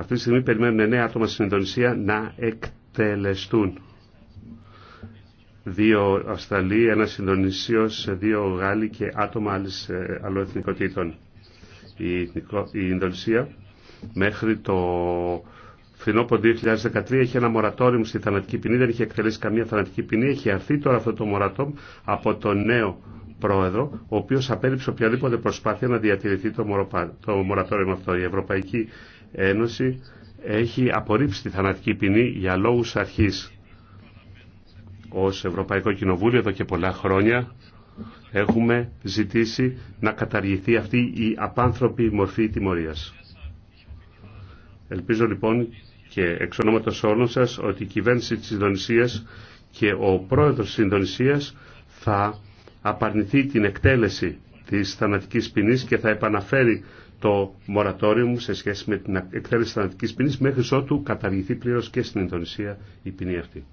Αυτή τη στιγμή περιμένουν 9 άτομα στην Ινδονησία να εκτελεστούν. Δύο Αυστραλοί, ένα Ινδονησίος, δύο Γάλλοι και άτομα άλλης, ε, άλλων εθνικοτήτων. Η, η Ινδονησία μέχρι το φθινόπωρο 2013 είχε ένα μορατόριο στη θανατική ποινή, δεν είχε εκτελέσει καμία θανατική ποινή, έχει αρθεί τώρα αυτό το μορατόμ από το νέο πρόεδρο, ο οποίος απέριψε οποιαδήποτε προσπάθεια να διατηρηθεί το, μοροπα... το μορατόριο αυτό. Η Ευρωπαϊκή Ένωση έχει απορρίψει τη θανατική ποινή για λόγους αρχής. Ως Ευρωπαϊκό Κοινοβούλιο εδώ και πολλά χρόνια έχουμε ζητήσει να καταργηθεί αυτή η απάνθρωπη μορφή τιμωρίας. Ελπίζω λοιπόν και εξ ονόματος όλων ότι η κυβέρνηση της Ινδονησίας και ο πρόεδρος της Ινδονησίας θα απαρνηθεί την εκτέλεση της θανατικής ποινή και θα επαναφέρει το μορατόριο μου σε σχέση με την εκτέλεση θανατικής ποινής μέχρι ότου καταργηθεί πλήρως και στην Ινδονησία η ποινή αυτή.